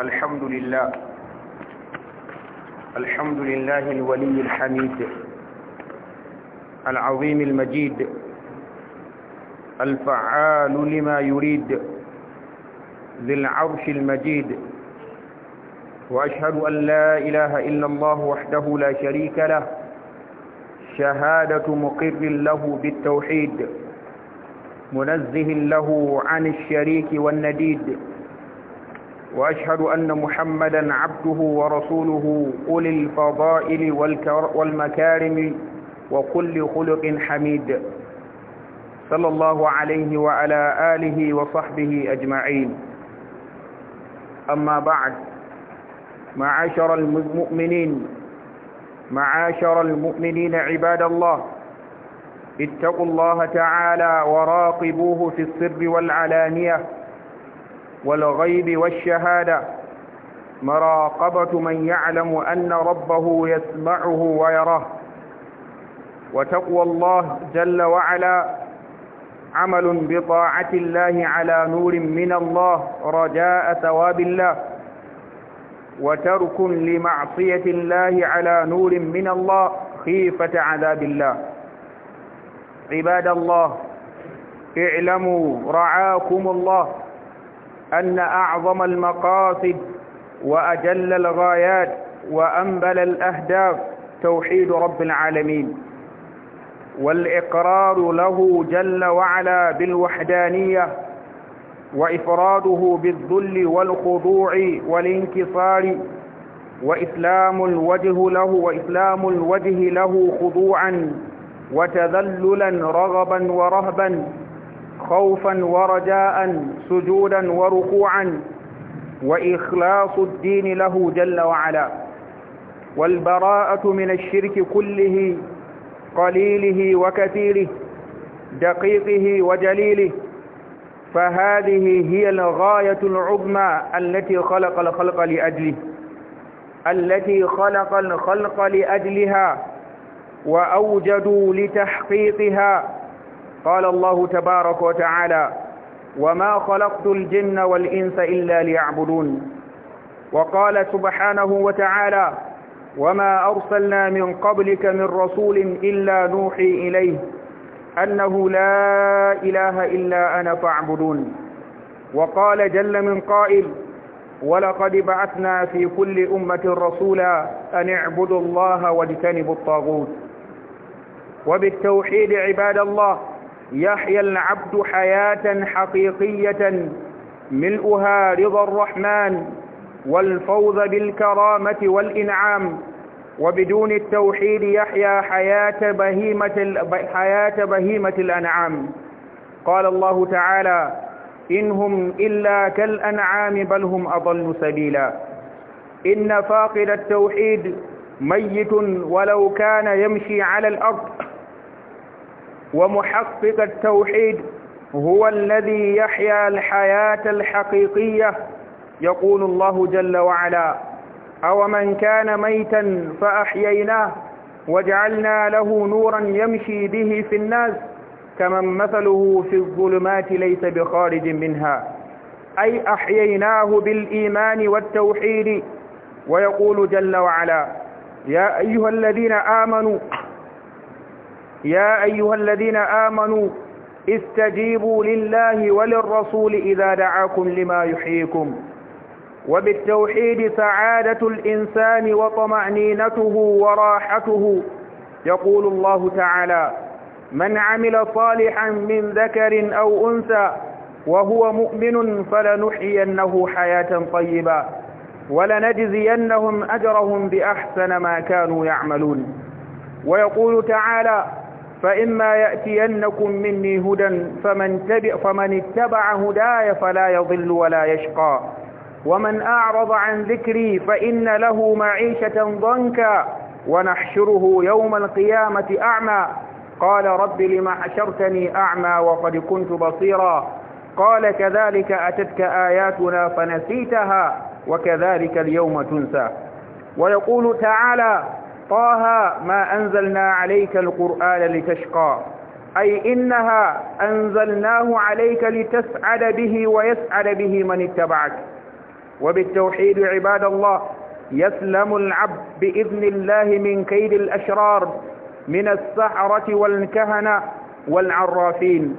الحمد لله الحمد لله الولي الحميد العظيم المجيد الفعال لما يريد ذي العرش المجيد وأشهد أن لا إله إلا الله وحده لا شريك له شهادة مقر له بالتوحيد منزه له عن الشريك والنديد وأشهد أن محمدا عبده ورسوله أولي الفضائل والمكارم وكل خلق حميد صلى الله عليه وعلى آله وصحبه أجمعين أما بعد معاشر المؤمنين معاشر المؤمنين عباد الله اتقوا الله تعالى وراقبوه في السر والعلانية والغيب والشهادة مراقبة من يعلم أن ربه يسمعه ويراه وتقوى الله جل وعلا عمل بطاعة الله على نور من الله رجاء ثواب الله وترك لمعصية الله على نور من الله خيفة عذاب الله عباد الله اعلموا رعاكم الله أن أعظم المقاصد وأجل الغايات وأنبل الأهداف توحيد رب العالمين والإقرار له جل وعلا بالوحدانية وإفراده بالذل والخضوع والانكسار وإسلام الوجه له وإسلام الوجه له خضوعا وتذللا رغبا ورهبا خوفا ورجاء سجودا وركوعا وإخلاص الدين له جل وعلا والبراءة من الشرك كله قليله وكثيره دقيقه وجليله فهذه هي الغاية العظمى التي خلق الخلق لأجله التي خلق الخلق لأجلها وأوجدوا لتحقيقها قال الله تبارك وتعالى وما خلقت الجن والإنس إلا ليعبدون وقال سبحانه وتعالى وما أرسلنا من قبلك من رسول إلا نوحي إليه أنه لا إله إلا أنا فاعبدون وقال جل من قائل ولقد بعثنا في كل أمة رسولا أن اعبدوا الله واجتنبوا الطاغوت وبالتوحيد عباد الله يحيا العبد حياة حقيقية ملؤها رضا الرحمن والفوز بالكرامة والإنعام وبدون التوحيد يحيا حياة بهيمة, حياة بهيمة الأنعام قال الله تعالى إنهم إلا كالأنعام بل هم أضل سبيلا إن فاقد التوحيد ميت ولو كان يمشي على الأرض ومحقق التوحيد هو الذي يحيا الحياة الحقيقية يقول الله جل وعلا أو من كان ميتا فأحييناه وجعلنا له نورا يمشي به في الناس كمن مثله في الظلمات ليس بخارج منها أي أحييناه بالإيمان والتوحيد ويقول جل وعلا يا أيها الذين آمنوا يا أيها الذين آمنوا استجيبوا لله وللرسول إذا دعاكم لما يحييكم وبالتوحيد سعادة الإنسان وطمأنينته وراحته يقول الله تعالى من عمل صالحا من ذكر أو أنثى وهو مؤمن فلنحيينه حياة طيبة ولنجزينهم أجرهم بأحسن ما كانوا يعملون ويقول تعالى فإما يأتينكم مني هدى فمن, تبع فمن اتبع هداي فلا يضل ولا يشقى ومن أعرض عن ذكري فإن له معيشة ضنكا ونحشره يوم القيامة أعمى قال رب لما حشرتني أعمى وقد كنت بصيرا قال كذلك أتتك آياتنا فنسيتها وكذلك اليوم تنسى ويقول تعالى طه ما أنزلنا عليك القرآن لتشقى أي إنها أنزلناه عليك لتسعد به ويسعد به من اتبعك وبالتوحيد عباد الله يسلم العبد بإذن الله من كيد الأشرار من السحرة والكهنة والعرافين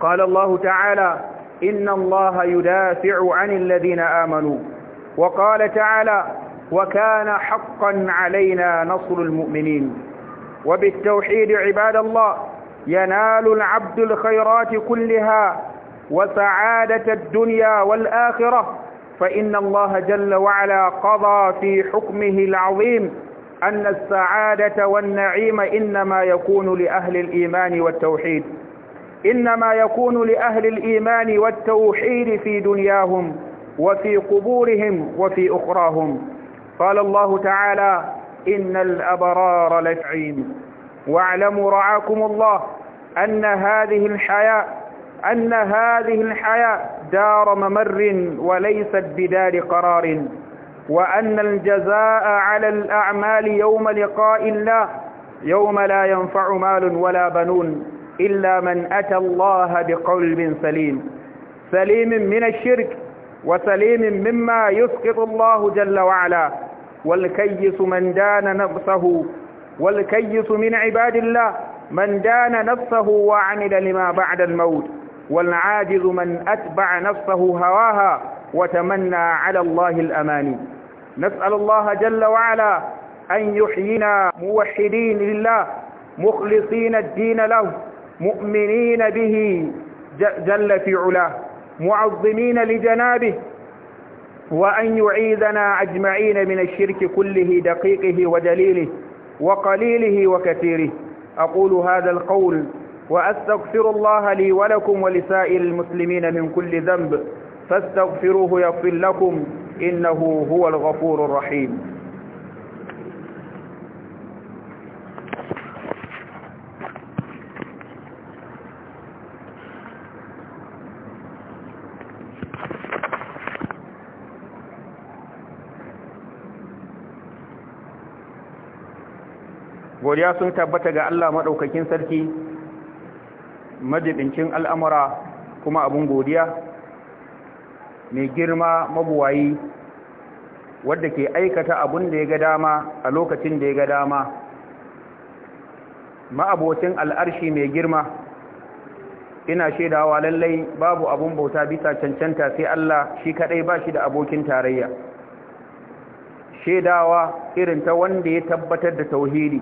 قال الله تعالى إن الله يدافع عن الذين آمنوا وقال تعالى وكان حقا علينا نصر المؤمنين وبالتوحيد عباد الله ينال العبد الخيرات كلها وسعادة الدنيا والآخرة فإن الله جل وعلا قضى في حكمه العظيم أن السعادة والنعيم إنما يكون لأهل الإيمان والتوحيد إنما يكون لأهل الإيمان والتوحيد في دنياهم وفي قبورهم وفي أخراهم قال الله تعالى إن الأبرار لفعين واعلموا رعاكم الله أن هذه الحياة أن هذه الحياة دار ممر وليست بدار قرار وأن الجزاء على الأعمال يوم لقاء الله يوم لا ينفع مال ولا بنون إلا من أتى الله بقلب سليم سليم من الشرك وسليم مما يسقط الله جل وعلا والكيس من دان نفسه والكيس من عباد الله من دان نفسه وعمل لما بعد الموت والعاجز من أتبع نفسه هواها وتمنى على الله الأماني نسأل الله جل وعلا أن يحيينا موحدين لله مخلصين الدين له مؤمنين به جل في علاه معظمين لجنابه وأن يعيذنا أجمعين من الشرك كله دقيقه ودليله وقليله وكثيره أقول هذا القول وأستغفر الله لي ولكم ولسائر المسلمين من كل ذنب فاستغفروه يغفر لكم إنه هو الغفور الرحيم godiya sun tabbata ga Allah maɗaukakin sarki majidincin al'amura kuma abin godiya mai girma mabuwayi wadda ke aikata abin da ya ga dama a lokacin da ya ga dama ma'abocin al'arshi mai girma ina shaidawa lallai babu abin bauta bisa cancanta sai Allah shi kaɗai ba shi da abokin tarayya shaidawa irin ta wanda ya tabbatar da tauhidi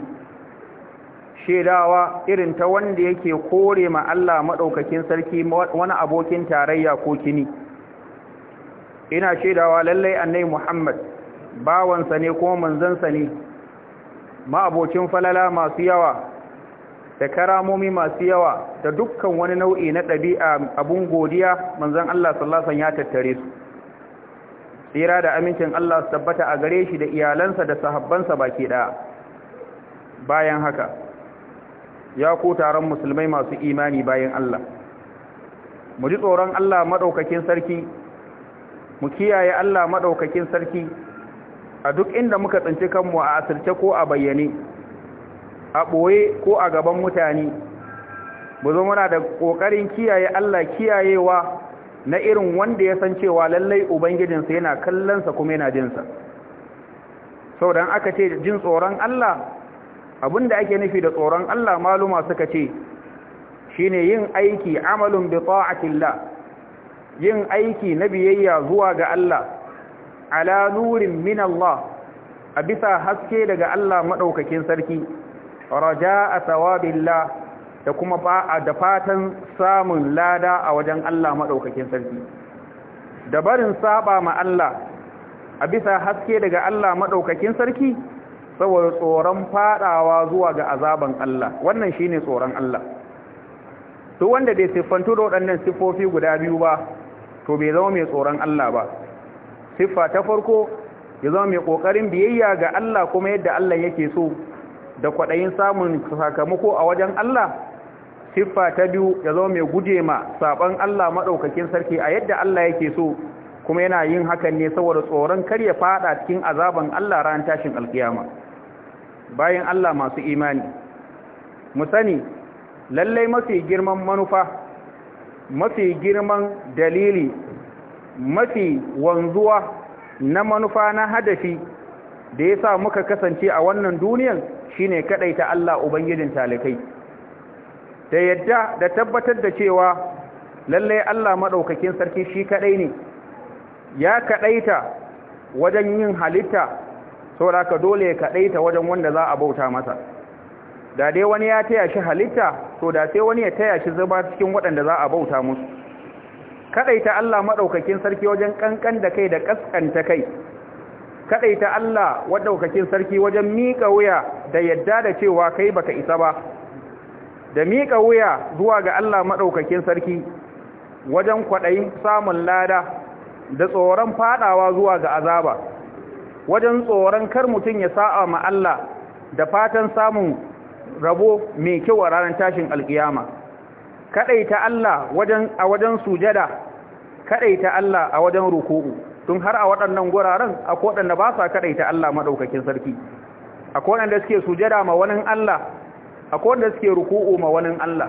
Shedawa irin ta wanda yake kore ma Allah maɗaukakin sarki wani abokin tarayya ko kini ina shaidawa lallai annai Muhammad bawansa ne kuma manzansa ne ma'abocin falala masu yawa da karamomi masu yawa da dukkan wani nau'i na ɗabi'a abun godiya manzan Allah sallasan ya tattare su tsira da amincin Allah su tabbata a gare shi da iyalansa da sahabbansa baki ɗaya bayan haka ya ko taron musulmai masu imani bayan Allah mu ji tsoron Allah maɗaukakin sarki mu kiyaye Allah maɗaukakin sarki a duk inda muka tsinci kanmu a asirce ko a bayyane a ɓoye ko a gaban mutane mu zo muna da ƙoƙarin kiyaye Allah kiyayewa na irin wanda ya san cewa lallai ubangijinsa yana kallonsa kuma yana jinsa sau don aka ce jin tsoron Allah Abin da ake nufi da tsoron Allah maluma suka ce shine yin aiki amalin bi ta'atillah yin aiki na biyayya zuwa ga Allah ala nurin min Allah a bisa haske daga Allah maɗaukakin sarki raja a thawabillah da kuma ba'a da fatan samun lada a wajen Allah maɗaukakin sarki da barin saba ma Allah a bisa haske daga Allah maɗaukakin sarki saboda tsoron fadawa zuwa ga azaban Allah wannan shine tsoron Allah to wanda bai siffantu da waɗannan siffofi guda biyu ba to bai zama mai tsoron Allah ba siffa ta farko ya zama mai kokarin biyayya ga Allah kuma yadda Allah yake so da kwaɗayin samun sakamako a wajen Allah siffa ta biyu ya zama mai guje ma saban Allah maɗaukakin sarki a yadda Allah yake so kuma yana yin hakan ne saboda tsoron kar ya fada cikin azaban Allah ran tashin alkiyama bayan Allah masu imani mu sani lallai mafi girman manufa mafi girman dalili mafi wanzuwa na manufa na hadafi da ya sa muka kasance a wannan duniyan shine ta Allah ubangijin talikai da yadda da tabbatar da cewa lallai Allah maɗaukakin sarki shi kadai ne ya kadaita wajen yin halitta saboda ka dole ya daita wajen wanda za a bauta masa da dai wani ya taya shi halitta to da sai wani ya taya shi zuba cikin waɗanda za a bauta musu kadaita Allah madaukakin sarki wajen kankan da kai da kaskanta kai kadaita Allah wadaukakin sarki wajen mika wuya da yadda da cewa kai baka isa ba da mika wuya zuwa ga Allah madaukakin sarki wajen kwaɗayin samun lada da tsoron fadawa zuwa ga azaba wajen tsoron kar mutum ya sa'a ma Allah da fatan samun rabo mai kyau a ranar tashin alkiyama kadaita Allah wajen a wajen sujada kadaita Allah a wajen ruku'u tun har a waɗannan guraren akwai waɗanda ba sa kadaita Allah madaukakin sarki akwai waɗanda suke sujada ma wani Allah akwai waɗanda suke ruku'u ma wani Allah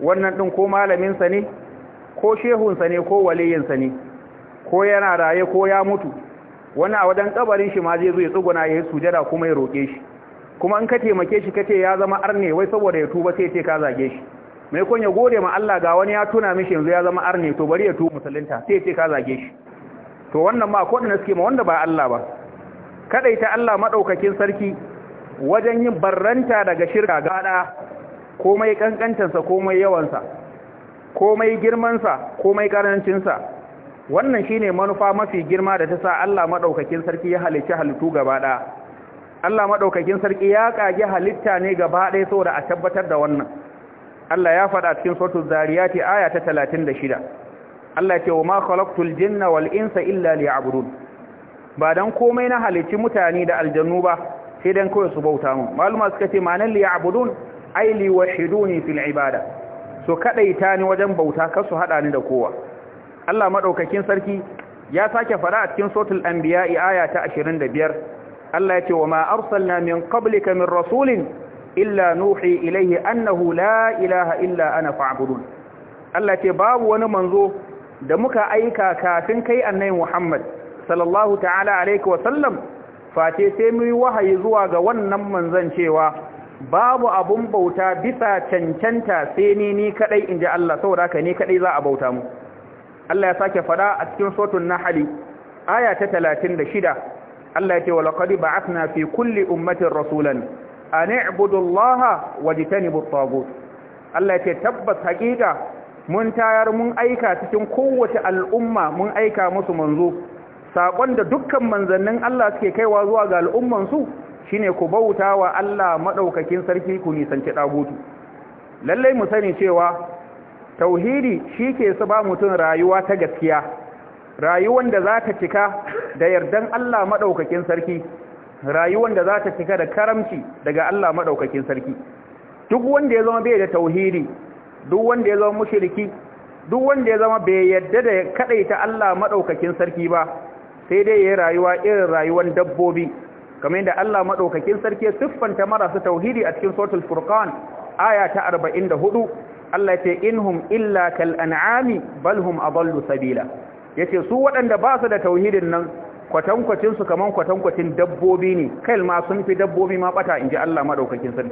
wannan din ko malamin ne ko shehun ne ko waliyin ne ko yana raye ko ya mutu wani a wajen kabarin shi ma zai zo ya tsuguna ya yi sujada kuma ya roƙe shi kuma in ka taimake shi ce ya zama arne wai saboda ya tuba sai ce ka zage shi mai kun ya gode ma Allah ga wani ya tuna mishi yanzu ya zama arne to bari ya tuba musulunta sai ce ka zage shi to wannan ma ko da suke ma wanda ba Allah ba ta Allah maɗaukakin sarki wajen yin barranta daga shirka gada komai kankantansa komai yawansa komai girmansa komai karancinsa wannan shine manufa mafi girma da ta sa Allah madaukakin sarki ya halicci halittu gaba ɗaya Allah madaukakin sarki ya kage halitta ne gaba ɗaya saboda a tabbatar da wannan Allah ya faɗa cikin suratul zariyati aya ta 36 Allah ce wa ma khalaqtul jinna wal insa illa liya'budun ba dan komai na halicci mutane da aljannu ba sai dan kawai su bauta mu maluma suka ce ma'anar liya'budun ai liwahiduni fil ibada so kadaita ni wajen bauta kar su hada ni da kowa Allah maɗaukakin sarki ya sake fara a cikin suratul anbiya aya ta 25 Allah ya ce wa ma arsalna min qablika min rasulin illa nuhi ilayhi annahu la ilaha illa ana fa'budun Allah ce babu wani manzo da muka aika kafin kai annabi Muhammad sallallahu ta'ala alaihi wa sallam face sai mu wahayi zuwa ga wannan manzon cewa babu abun bauta bisa cancanta sai ni ni kadai inji Allah saboda haka ni kadai za a bauta mu Allah ya sake fada a cikin sotun nahali aya ta shida, Allah ya ce walaqad ba'athna fi kulli ummatin rasulan an i'budu Allah wajtanibu Allah ya ce tabbas hakika mun tayar mun aika cikin kowace al'umma mun aika musu manzo Saƙon da dukkan manzannin Allah suke kaiwa zuwa ga al'umman su shine ku bauta wa Allah maɗaukakin sarki ku nisanci ɗagutu lallai mu sani cewa tauhidi shi ke su ba mutum rayuwa ta gaskiya rayuwan da za ta cika da yardan Allah maɗaukakin sarki rayuwan da za ta cika da karamci daga Allah maɗaukakin sarki duk wanda ya zama bai da tauhidi duk wanda ya zama mushriki duk wanda ya zama bai yadda da kaɗai ta Allah maɗaukakin sarki ba sai dai yayi rayuwa irin rayuwar dabbobi kamar yadda Allah maɗaukakin sarki ya siffanta marasa tauhidi a cikin suratul furqan aya ta 44 Allah ce inhum illa kal an'ami bal hum adallu sabila yace su waɗanda ba su da tauhidin nan kwatankwacin su kaman kwatankwacin dabbobi ne kai ma sun fi dabbobi ma bata inji Allah madaukakin sarki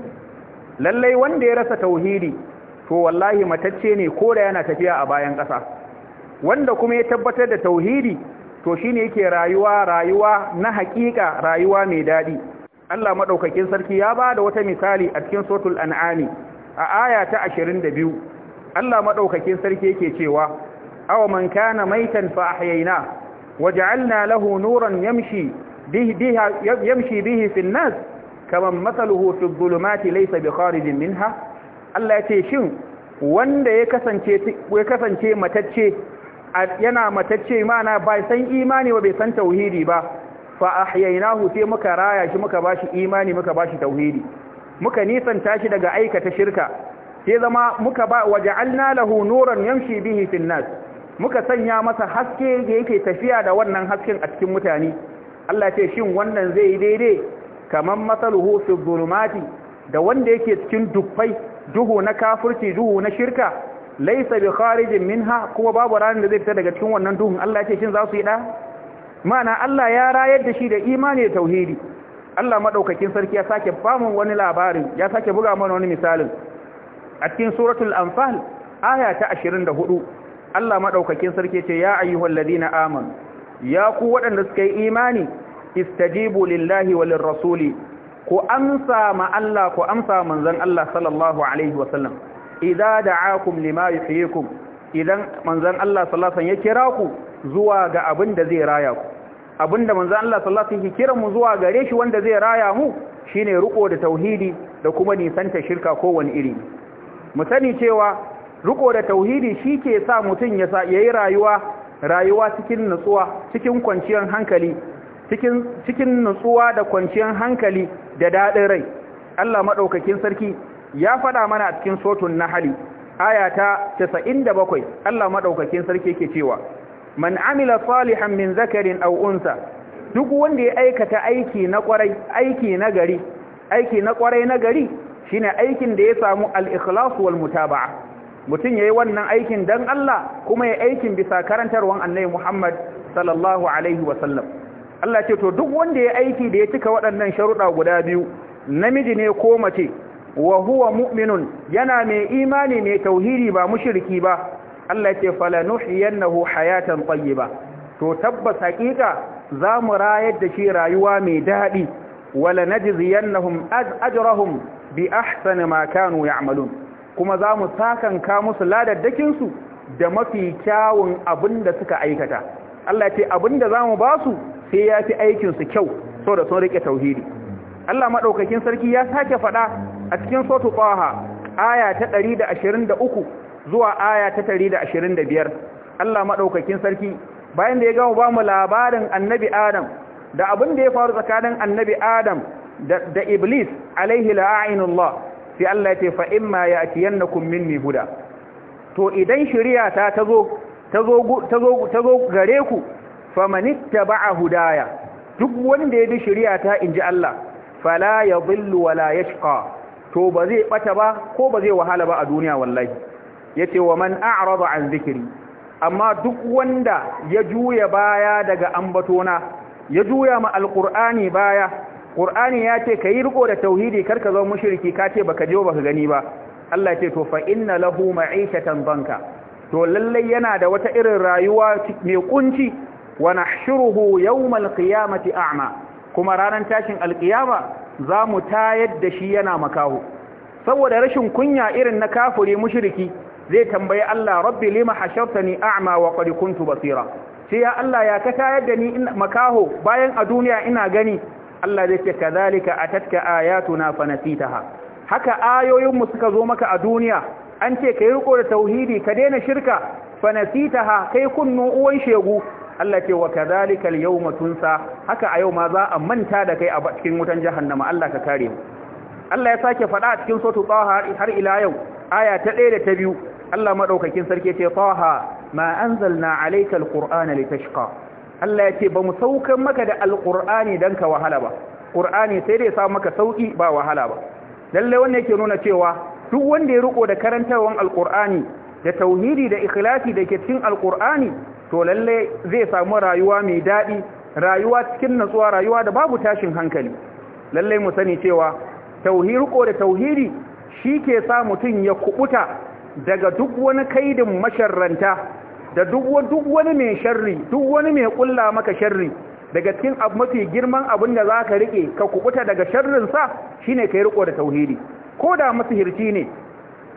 lallai wanda ya rasa tauhidi to wallahi matacce ne ko da yana tafiya a bayan ƙasa wanda kuma ya tabbatar da tauhidi to shine yake rayuwa rayuwa na haƙiƙa rayuwa mai daɗi Allah madaukakin sarki ya ba da wata misali a cikin suratul an'ami a aya ta 22 Allah madaukakin sarki yake cewa aw man kana maitan fa ahyayna waja'alna lahu nuran yamshi bihi yamshi bihi fi an-nas kaman mathaluhu fi dhulumati laysa bi kharijin minha Allah yace shin wanda ya kasance ya kasance matacce yana matacce mana bai san imani ba bai san tauhidi ba fa ahyaynahu sai muka raya shi muka bashi imani muka bashi tauhidi muka nisanta shi daga aikata shirka sai zama muka ba waja'alna lahu nuran yamshi bihi fil nas muka sanya masa haske da yake tafiya da wannan hasken a cikin mutane Allah ce shin wannan zai yi daidai kaman masaluhu fi dhulumati da wanda yake cikin dubbai duhu na kafirci duhu na shirka laysa bi kharijin minha kuma babu ranar da zai fita daga cikin wannan duhun Allah ya ce shin za su yi da mana Allah ya rayar da shi da imani da tauhidi Allah madaukakin sarki ya sake bamu wani labarin ya sake buga mana wani misalin a cikin suratul anfal aya ta 24 Allah madaukakin sarki ce ya ayyuhal ladina aman, ya ku waɗanda suka yi imani istajibu lillahi walir rasuli ku amsa ma Allah ku amsa manzon Allah sallallahu alaihi wasallam idza da'akum lima yuhyikum idan manzon Allah sallallahu alaihi wasallam ya kira ku zuwa ga abin da zai raya ku abinda manzo Allah sallallahu alaihi wasallam kira mu zuwa gare shi wanda zai raya mu shine ruko da tauhidi da kuma nisanta shirka ko wani iri mu sani cewa ruko da tauhidi shi ke sa mutun ya sa yayi rayuwa rayuwa cikin nutsuwa cikin kwanciyar hankali cikin cikin nutsuwa da kwanciyar hankali da dadin rai Allah madaukakin sarki ya faɗa mana a cikin sotun ayata aya ta 97 Allah madaukakin sarki yake cewa man amila salihan min zakarin aw unsa duk wanda ya aikata aiki na kwarai aiki na gari aiki na kwarai na gari shine aikin da ya samu al-ikhlas wal mutaba'a mutun yayi wannan aikin dan Allah kuma ya aikin bisa karantarwan Annabi Muhammad sallallahu alaihi Allah ce to duk wanda ya aiki da ya cika waɗannan sharuɗa guda biyu namiji ne ko mace wa huwa mu'minun yana mai imani mai tauhidi ba mushriki ba Allah ce falanuhyiyannahu hayatan tayyiba to tabbas hakika za mu rayar da shi rayuwa mai daɗi wala najziyannahum ajrahum bi ahsani ma kanu ya'malun kuma za mu sakanka musu ladaddakin su da mafi kyawun abinda suka aikata Allah ce abinda za mu ba su sai ya fi su kyau saboda da sun rike tauhidi Allah maɗaukakin sarki ya sake faɗa a cikin sotu ƙwaha aya ta 123 zuwa aya ta 125 Allah madaukakin sarki bayan da ya gama ba mu labarin annabi Adam da abin da ya faru tsakanin annabi Adam da Iblis alaihi la'inullah sai Allah ya ce fa imma ya'tiyannakum minni huda to idan shari'a ta tazo tazo tazo tazo gare ku famanittaba'a hudaya duk wanda ya bi shari'a ta inji Allah fala yadhillu wala yashqa to ba zai bata ba ko ba zai wahala ba a duniya wallahi yace wa man a'rada an zikiri amma duk wanda ya juya baya daga ambatona ya juya ma alkur'ani baya ƙur'ani ce ka yi riko da tauhidi karka zo mushriki kace baka je ka gani ba Allah ce to fa inna lahu ma'ishatan banka to lallai yana da wata irin rayuwa mai kunci wa nahshuruhu yawmal qiyamati a'ma kuma ranar tashin alkiyama zamu tayar da shi yana makaho saboda rashin kunya irin na kafure mushriki zai tambayi Allah rabbi lima hashartani a'ma wa qad kuntu basira sai ya Allah ya ka tayar da ni makaho bayan a duniya ina gani Allah zai ce kadhalika atatka ayatuna fanasitaha haka ayoyin mu suka zo maka a duniya an ce kai riko da tauhidi ka daina shirka fanasitaha kai kunnu uwan shegu Allah ce wa kadhalika al-yawma tunsa haka a yau ma za a manta da kai a cikin wutan jahannama Allah ka kare mu Allah ya sake faɗa a cikin sotu Taha har ila yau aya ta 1 da ta biyu. Allah maɗaukakin sarki ce taha ma anzalna alayka alqur'ana litashqa Allah yace ba mu saukan maka da alqur'ani dan ka wahala ba qur'ani sai dai sa maka sauki ba wahala ba lalle wannan yake nuna cewa duk wanda ya riko da karantawan alqur'ani da tauhidi da ikhlasi da ke cikin alqur'ani to lalle zai samu rayuwa mai dadi rayuwa cikin natsuwa rayuwa da babu tashin hankali lalle mu sani cewa tauhidi ko da tauhidi shi ke sa mutum ya kubuta daga duk wani kaidin masharranta da duk wani mai sharri duk wani mai kulla maka sharri daga cikin abu mafi girman abin da za ka riƙe ka kubuta daga sharrinsa shi ne ka yi riƙo da tauhidi ko da masihirci ne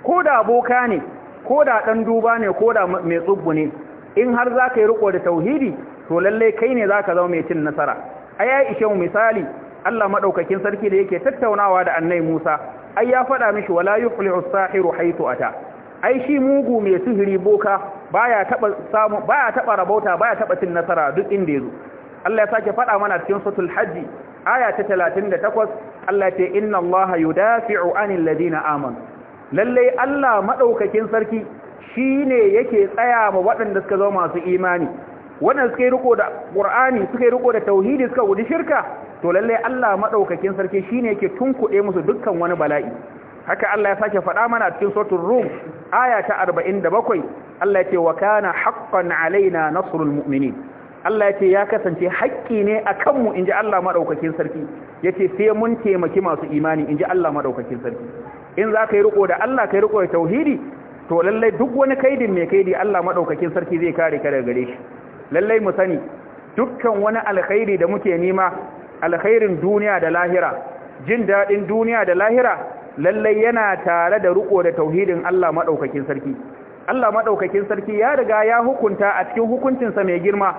ko da boka ne ko da ɗan duba ne ko da mai tsubbu ne in har za ka yi riƙo da tauhidi to lallai kai ne za ka zama mai cin nasara a ya ishe mu misali Allah maɗaukakin sarki da yake tattaunawa da annai Musa ai ya faɗa mishi wala yuflihu sahiru haitu ata ai shi mugu mai sihiri boka baya taba samu baya taba rabauta baya taba cin nasara duk inda yazo Allah ya sake faɗa mana cikin suratul hajj aya ta 38 Allah ce inna Allah yudafi'u anil ladina amanu lalle Allah madaukakin sarki shine yake tsaya ma waɗanda suka zama masu imani waɗanda suka riko da Qur'ani suka riko da tauhidi suka guji shirka to lalle Allah madaukakin sarki shine yake tunkuɗe musu dukkan wani bala'i haka Allah ya sake faɗa mana a cikin suratul rum aya ta 47 Allah ya ce wa kana haqqan alaina nasrul mu'minin Allah ya ce ya kasance haƙƙi ne a kanmu in ji Allah maɗaukakin sarki ya ce sai mun taimaki masu imani in ji Allah maɗaukakin sarki in za ka yi riko da Allah ka yi riko da tauhidi to lallai duk wani kaidin mai kaidi Allah maɗaukakin sarki zai kare ka daga gare shi lallai mu sani dukkan wani alkhairi da muke nema alkhairin duniya da lahira jin daɗin duniya da lahira lallai yana tare da riko da tauhidin Allah maɗaukakin sarki Allah maɗaukakin sarki ya riga ya hukunta a cikin hukuncinsa mai girma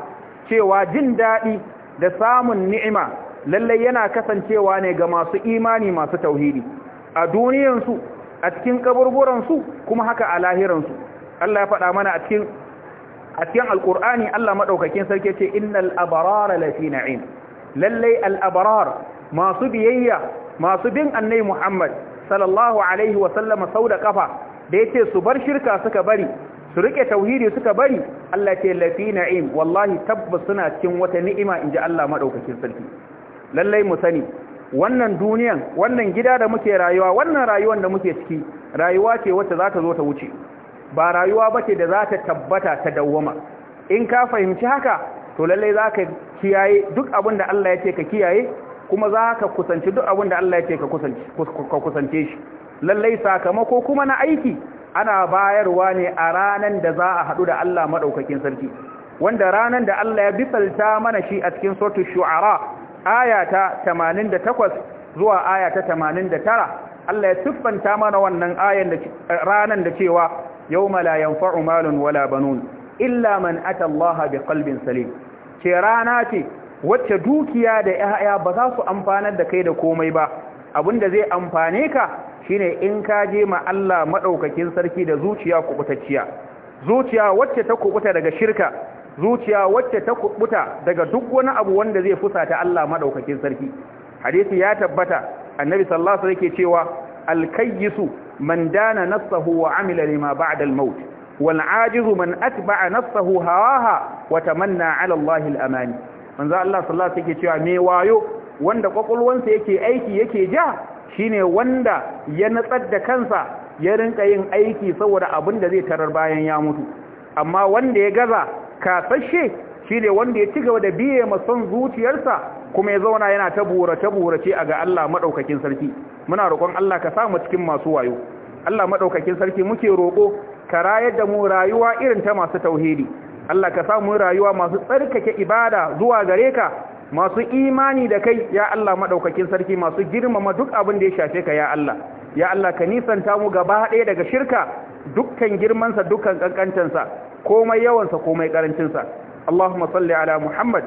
cewa jin daɗi da samun ni'ima lallai yana kasancewa ne ga masu imani masu tauhidi a duniyansu a cikin kaburburansu kuma haka a lahiransu Allah ya faɗa mana a cikin a cikin alƙur'ani Allah maɗaukakin sarki ce innal abarara lafi na'im lallai al masu biyayya masu bin annai Muhammad sallallahu alaihi wasallama sau da kafa da ya ce su bar shirka suka bari su rike tauhidi suka bari Allah ce lafi na'im wallahi tabbas suna cikin wata ni'ima in ji Allah maɗaukakin sarki lallai mu sani wannan duniyan wannan gida da muke rayuwa wannan rayuwan da muke ciki rayuwa ce wacce za ta zo ta wuce ba rayuwa ba ce da za ta tabbata ta dawwama in ka fahimci haka to lallai za ka kiyaye duk abin da Allah ya ce ka kiyaye kuma za ka kusanci duk abin da Allah ya ce ka kusance shi lallai sakamako kuma na aiki ana bayarwa ne a ranan da za a haɗu da Allah maɗaukakin sarki wanda ranan da Allah ya bisalta mana shi a cikin sautu shu'ara ayata ta 88 zuwa ayata ta 89 Allah ya siffanta mana wannan ranar da cewa yawma la yanfa'u malun wala banun illa man ata Allah kalbin salim ce rana ce wacce dukiya da 'ya'ya ba za su amfanar da kai da komai ba abinda zai amfane ka shine in ka je ma Allah maɗaukakin sarki da zuciya kubutacciya zuciya wacce ta kubuta daga shirka zuciya wacce ta kuɓuta daga duk wani abu wanda zai fusata Allah maɗaukakin sarki hadisi ya tabbata annabi sallallahu yake cewa alkayyisu, Mandana man dana wa amila lima ba'da al-maut wal ajizu man atba'a nafsahu hawaha wa tamanna ala Allah amani manzo Allah sallallahu alaihi wasallam cewa me wayo wanda kwakwalwansa yake aiki yake ja shine wanda ya natsar da kansa ya rinka yin aiki saboda abin da zai tarar bayan ya mutu amma wanda ya gaza kasashe shine wanda ya ci gaba da biye son zuciyarsa kuma ya zauna yana ta burace burace a ga Allah madaukakin sarki muna roƙon Allah ka samu cikin masu wayo Allah madaukakin sarki muke roƙo ka rayar da mu rayuwa irin ta masu tauhidi Allah ka samu rayuwa masu tsarkake ibada zuwa gare ka masu imani da kai ya Allah madaukakin sarki masu girmama duk abin da ya shafe ka ya Allah ya Allah ka nisanta mu gaba ɗaya daga shirka dukkan girmansa dukkan kankantansa komai yawansa komai karancinsa Allahumma salli ala Muhammad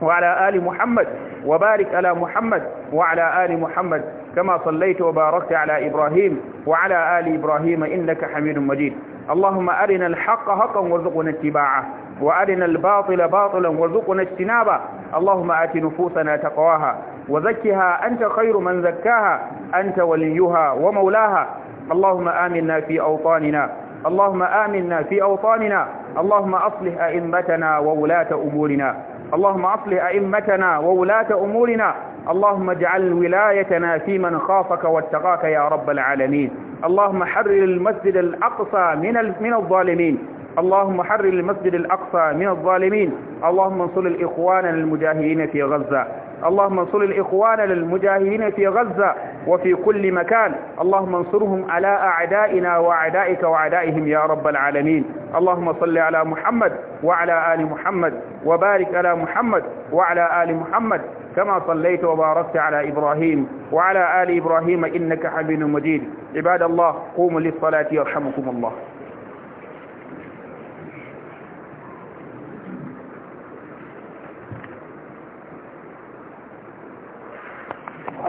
barik ala muhammad وبارك على محمد وعلى آل محمد كما صليت وباركت على إبراهيم وعلى آل إبراهيم إنك حميد مجيد اللهم أرنا الحق حقا وارزقنا اتباعه وأرنا الباطل باطلا وارزقنا اجتنابه اللهم آت نفوسنا تقواها وزكها أنت خير من زكاها أنت وليها ومولاها اللهم آمنا في أوطاننا اللهم آمنا في أوطاننا اللهم أصلح أئمتنا وولاة أمورنا اللهم أصلح أئمتنا وولاة أمورنا اللهم اجعل ولايتنا في من خافك واتقاك يا رب العالمين اللهم حرر المسجد الأقصى من من الظالمين اللهم حرر المسجد الأقصى من الظالمين اللهم انصر الإخوان المجاهدين في غزة اللهم انصر الإخوان للمجاهدين في غزة وفي كل مكان اللهم انصرهم على أعدائنا وأعدائك وأعدائهم يا رب العالمين اللهم صل على محمد وعلى آل محمد وبارك على محمد وعلى آل محمد كما صليت وباركت على إبراهيم وعلى آل إبراهيم إنك حميد مجيد عباد الله قوموا للصلاة يرحمكم الله